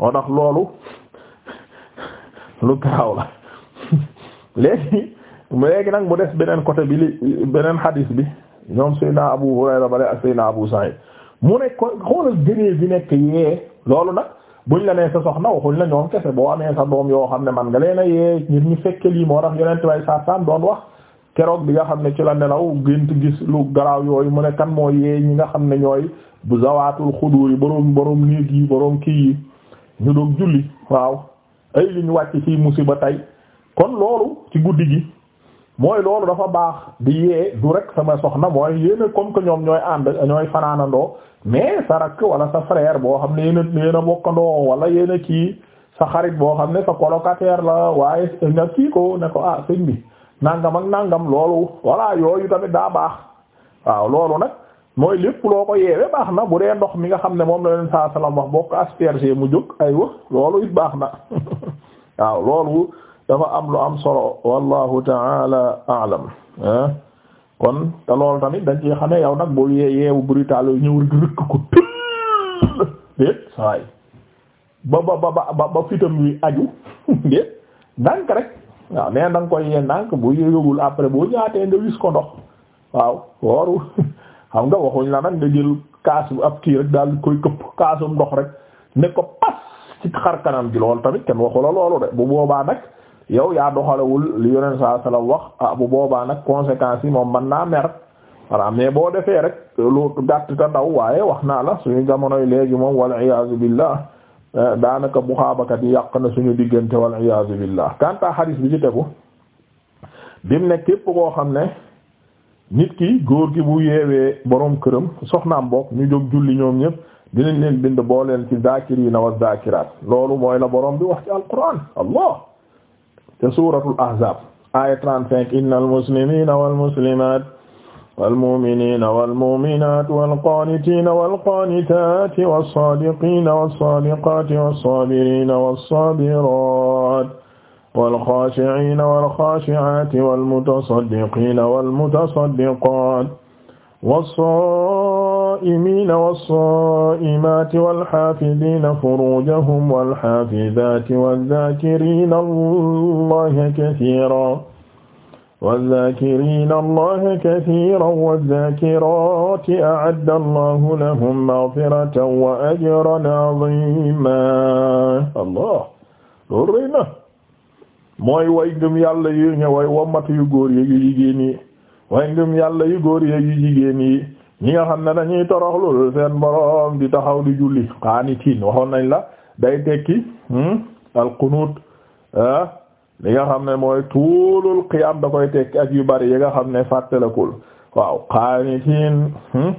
moo tax loolu lu gaaw la léegi léegi nag mu des beneen côté bi li beneen hadis bi ñoom si Seydina Abu Hurayra bale ak Seydina Abu Sa'id mu ne ko xoolal gënee bi nekk yee loolu nag buñ la nee sa soxna waxuñ la ñoom kese boo amee sa doom yoo xam ne man nga leen yee ngir ñu fekke lii moo tax yonent way sa san doon wax keroog bi nga xam ne ci la nelaw gént gis lu garaaw yooyu mu ne kan moo yee ñi nga xam ne ñooy bu zawaatul xuduur yi boroom boroom néeg yi boroom kii yi ñu doog julli waaw ay li ñu wàcc ci musiba tey kon loolu ci guddi gi mooy loolu dafa baax bi yee du rek sama soxna mooy yéena comme que ñoom ñooy ànd ñooy fanaanandoo mais sa rakk wala sa frère boo xam ne yéena yéena bokkandoo wala yéena kii sa xarit boo xam ne sa colocataire la waaye nga kii ko ne ko ah bi nangam ak nangam loolu voilà yooyu tamit daa baax waaw loolu nag mooy lépp loo ko yeewee baax na bu dee ndox mi nga xam ne moom la leen saa salaam wax mu jóg aywa loolu baax na waaw loolu am lu am solo kon te loolu tamit dañ ci xamee yow nag boo yee yeewu brutal yooyu ñëw rëkk ko déet ba ba ba ba fitam wi aju déet ndànk rek waaw nee da nga koy yee ndànk bu yëgagul après boo ñaatee nga wis ndox waaw wooru xam nga waxuñ la nag nga jël kaas bu ab kii rek daal di koy këpp kaasum ndox rek ne ko pas ci xar kanam ji loolu tamit kenn waxu la loolu de bu boobaa nag yow yaa doxalewul li yoneen saa wax a ah, bu boobaa nag conséquences yi moom mën naa mer voilà mais boo defee rek lu gàtt ta ndaw waaye wax naa la suñu jamonoy léegi moom wala iyaazu billah Euh, daanaka muxaabakat yi yàq na suñu diggante wal iyaazu billah kanta xadis bi ci tegu dim ne képp koo xam ne nit ki góor gi bu yeewee boroom këram soxnaam bokk ñu jóg julli ñoom ñëpp dinañ leen bind boo leen ci zaakiriina wa zaakiraat loolu mooy la boroom bi wax ci alquran allah te suuratul ahzaab aaya 35 innal muslimiina wal muslimaat والمؤمنين والمؤمنات والقانتين والقانتات والصادقين والصادقات والصابرين والصابرات والخاشعين والخاشعات والمتصدقين والمتصدقات والصائمين والصائمات والحافظين فروجهم والحافظات والذاكرين الله كثيرا والذاكرين الله كثيرا والذاكرات أعد الله لهم مغفرة وأجرا عظيما allah loolu rëy na mooy way ngëm yàlla yi nga way wammat yu góor yi yu jigéen yi way ngëm yàlla yu góor yi yu jigéen yi ñi nga xam ne dañuy toroxlu seen boroom di taxaw di julli qaanitiin waxoon nañ la day tekki hmm, al qunut ah li nga xam ne mooy tuulul qiyam da koy tekki ak yu bari yi nga xam ne fàttalakul waaw qaanitiin hmm?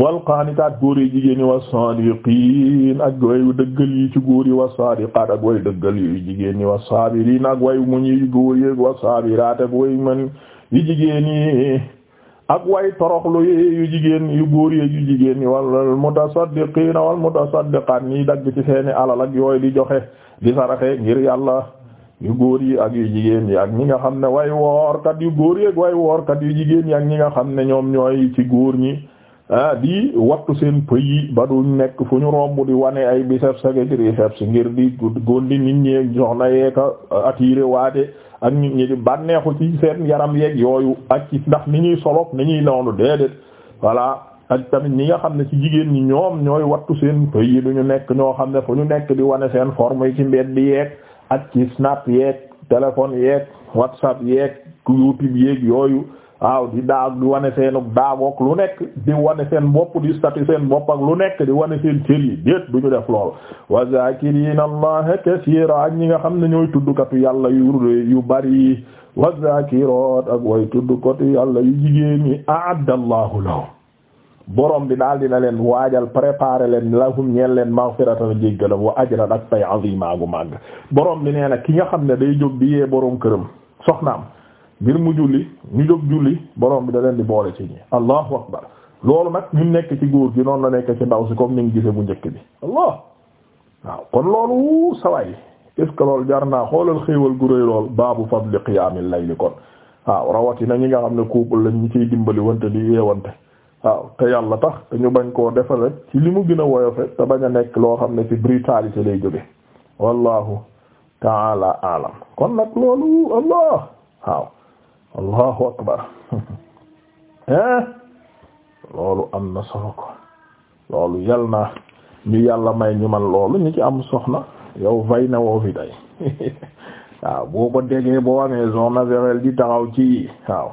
wal qaanitaat góor yi jigéen yi wa saadiqiin ak wayu dëggal yi ci góor yi wa saadiqaat ak wayu dëggal yi jigéen yi wa saabiriin ak wayu muñ yi góor yi wa saabiraat ak wayu man yu jigéen yi ak way toroxlu yi yu jigéen yu góor yi yu jigéen yi wal mutasaddiqiin wal mutasaddiqaat ñiy dagg ci seeni alal ak yooyu di joxe di saraxe ngir yàlla yu góor yi ak yu jigéen yi ak ñi nga xam ne way woorkat yu góor yi ak way woorkat yu jigéen yi ak ñi nga xam ne ñoom ñooy ci góor ñi ah, di wattu seen pëy yi ba duñ nekk fu ñu romb di wane ay biceps ak triceps ngir di gondi nit ñi soxna yeeka attiré waate ak nit ñi di bànneexu ci seen yaram yeeg yooyu ak ci ndax ni ñuy soloog ni ñuy noonu déedéet voilà ak tamit ñi nga xam ne ci jigéen ñi ñoom ñooy wattu seen pëy yi du ñu nekk ñoo xam ne fu ñu nekk di wane seen forme yi ci mbedd di yeeg ak ci snap yeeg téléphone yeeg whatsapp yeeg youtube yeeg yooyu waaw di daag di wane seen daagook lu nekk di wane seen bopp di statut seen bopp ak lu nekk di wane seen cër yi déet du ñu def lool wa zakirina allaha kaseera ak ñi nga xam ne ñooy tuddukatu yàlla yu yu bari wa zakirat ak way tuddkatu yàlla yu jigéen ñi a'adda allahu borom bi daal dina leen waajal préparer leen lahum ñeel leen maghfiratan jéggalam wa ajran ak pay azima gu màgg borom bi nee nag ki nga xam ne day jóg di yee borom këram am ngir mu julli ñu jóg julli borom bi da leen di boole ci ñi allahu akbar loolu nag ñu nekk ci góor gi noonu la nekk ci ndaw si comme ni ngi gise bu njëkk bi allah waaw kon loolu sawaay est ce que loolu jar naa xoolal xéewal gu rëy lool baabu fadli qiyaamil layli kon waaw rawatina ñi nga xam ne couple lañ ñu ciy dimbali wante di yeewante waaw te yàlla tax te ñu bañ koo defal rek ci li mu gën a woyofe te bañ a nekk loo xam ne ci brutalité lay jóge wallahu taala alam kon nag loolu allah waaw allahu akbar hein eh, loolu am na solo ko loolu yal na ñu yàlla may ñu man loolu ñu ci am soxna yow vay na woo fi waaw boo ko déggee boo amee zone na di taxaw ci waaw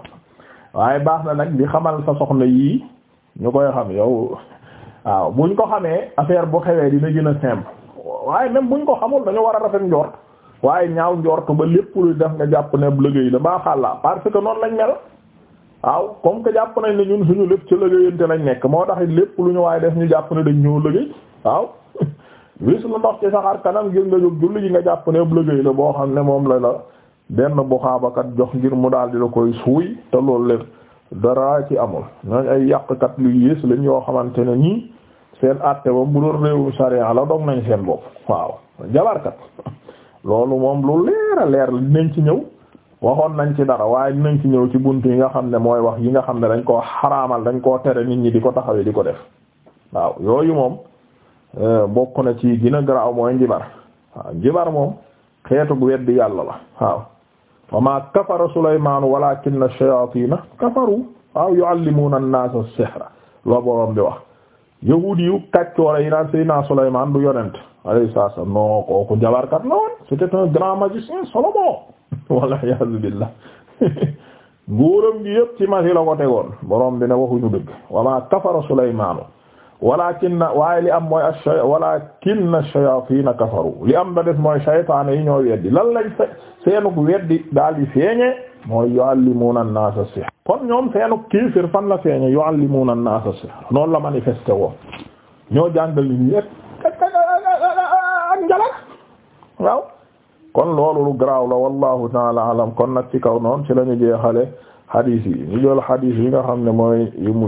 waaye baax na nag di xamal sa soxna yii ñu koy xam yow waaw buñ ko xamee affaire bu xewee dina gën a simple waaye même buñ ko xamul dañu war a rafet njort waaye ñaaw njort ba lépp lu def nga jàpp ne liggéey la baa xàlla noonu lañ mel waaw comme que jàpp nañ ne ñun suñu lépp ci lañ nekk moo tax lépp lu ñu waaye def ñu jàpp ne dañ ñëw liggéey waaw wis lu ndox ci saxaar kanam ngir nga jóg julli nga jàpp ne liggéey la boo xam ne moom la la benn bu xaabakat jox ngir mu daal di la koy suuy te loolu leen daraa ci amul ñooñ ay yàqukat lu yées lañ yoo xamante ne nii seen àtte ba bu doon réewum sariya la dog nañ seen bopp waaw jabarkat loolu moom lu leer leer la dinañ ci ñëw waxoon nañ ci dara waaye dinañ ci ñëw ci bunt yi nga xam ne mooy wax yi nga xam ne dañ koo xaraamal dañ koo tere nit ñi di ko taxawee di ko def waaw yooyu moom euh, bokk na ci dina a garaaw mooy njibar waaw njibar moom xeetu weddi yàlla la waaw wa maa kafara Sulaymaanu walaakinna shayaatiina kafaru waaw yu'allimuuna an-naasa as-sihra loo borom bi wax yahuudi yu kàccoor yi naan Seydina Sulaymaan du yonent alayhi salaam non kooku jabarkat la woon c'était un grand magicien Solomon walla iyaazu billaah nguuram gi ko tegoon borom ne waxuñu dëgg wa maa kafara Sulaymaanu walakinna waaye li am mooy ash-shay walakinna ash-shayatin kafaru li am ba def shaytaan yi ñoo weddi lan lañ seenuk weddi daal di feeñe mooy yuallimuna an-naasa sihr kon ñoom seenuk kiifir fan la feeñe yuallimuna an-naasa sihr noonu la manifesté woo ñoo jàngal nit ñi ak kon loolu lu garaaw la wallahu taala alam kon nag ci kaw noonu ci la ñu jeexale xadiis yi ñu jël xadiis yi nga xam ne mooy yu mujj